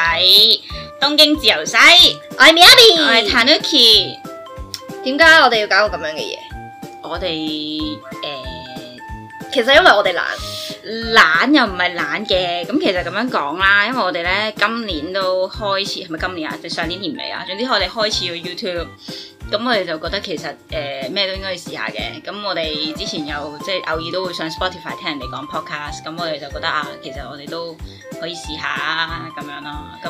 喺東京自由西，我係 Miyabi，我係 Tanuki。點解我哋要搞個咁樣嘅嘢？我哋誒，呃、其實因為我哋懶，懶又唔係懶嘅。咁其實咁樣講啦，因為我哋咧今年都開始，係咪今年啊？就上年年尾啊？總之我哋開始要 YouTube。咁我哋就覺得其實誒咩、呃、都應該要試下嘅。咁我哋之前又，即係偶爾都會上 Spotify 聽人哋講 Podcast。咁我哋就覺得啊，其實我哋都可以試下咁樣咯。咁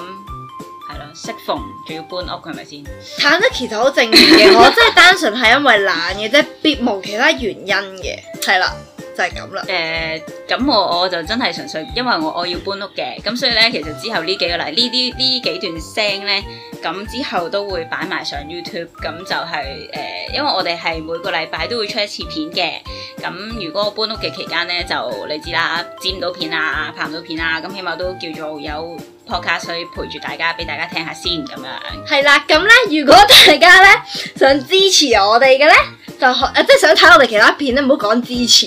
係咯，適逢仲要搬屋係咪先？坦白其實好正常嘅， 我真係單純係因為懶嘅啫，別無其他原因嘅。係啦。就係咁啦。誒、嗯，咁我我就真係純粹，因為我我要搬屋嘅，咁所以咧，其實之後呢幾個禮呢啲呢幾段聲咧，咁之後都會擺埋上 YouTube，咁就係、是、誒、呃，因為我哋係每個禮拜都會出一次片嘅。咁如果我搬屋嘅期間咧，就你知啦，剪唔到片啊，拍唔到片啊，咁起碼都叫做有 podcast，所以陪住大家，俾大家聽下先咁樣。係啦，咁咧，如果大家咧想支持我哋嘅咧。就、呃、即係想睇我哋其他片咧，唔好講支持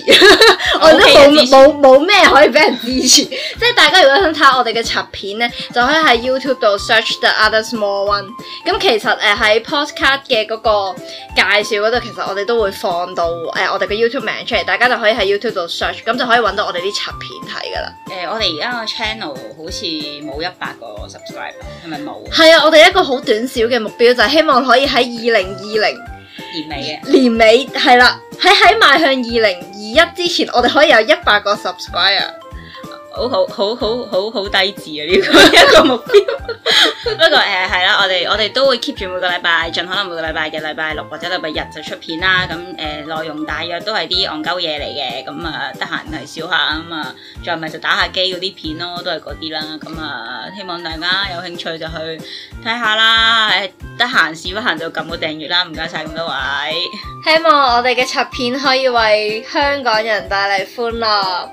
，oh, 我哋都冇冇冇咩可以俾人支持。 即係大家如果想睇我哋嘅插片咧，就可以喺 YouTube 度 search The Other Small One。咁其實誒喺、呃、Postcard 嘅嗰個介紹嗰度，其實我哋都會放到誒、呃、我哋嘅 YouTube 名出嚟，大家就可以喺 YouTube 度 search，咁就可以揾到我哋啲插片睇㗎喇。誒、呃，我哋而家個 channel 好似冇一百個 subscribers，係咪冇？係啊，我哋一個好短小嘅目標就係、是、希望可以喺二零二零。年尾嘅，年尾係啦，喺喺邁向二零二一之前，我哋可以有一百個 subscriber。好好好好好好低質啊！呢 個一個目標。 不過誒係、呃、啦，我哋我哋都會 keep 住每個禮拜，盡可能每個禮拜嘅禮拜六或者禮拜日就出片啦。咁誒、呃、內容大約都係啲戇鳩嘢嚟嘅。咁啊得閒係笑下咁啊，再咪就打下機嗰啲片咯，都係嗰啲啦。咁、嗯、啊，希望大家有興趣就去睇下啦。誒得閒時不閒就撳個訂閱啦，唔該晒咁多位。希望我哋嘅出片可以為香港人帶嚟歡樂。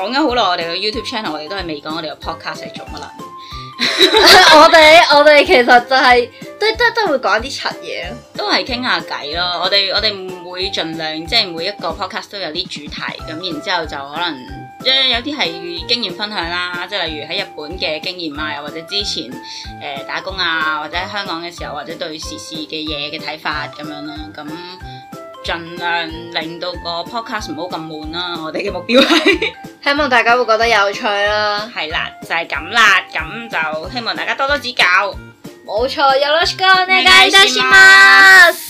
講咗好耐，我哋個 YouTube channel 我哋都係未講我哋個 podcast 係做乜啦？我哋我哋其實就係、是、都都都會講啲柒嘢，都係傾下偈咯。我哋我哋唔會盡量即係、就是、每一個 podcast 都有啲主題咁，然之後就可能即係有啲係經驗分享啦，即係例如喺日本嘅經驗啊，又或者之前誒、呃、打工啊，或者香港嘅時候，或者對時事嘅嘢嘅睇法咁樣啦。咁盡量令到個 podcast 唔好咁悶啦。我哋嘅目標係。 希望大家會覺得有趣啦，係啦，就係、是、咁啦，咁就希望大家多多指教。冇錯，よろしくお願いします。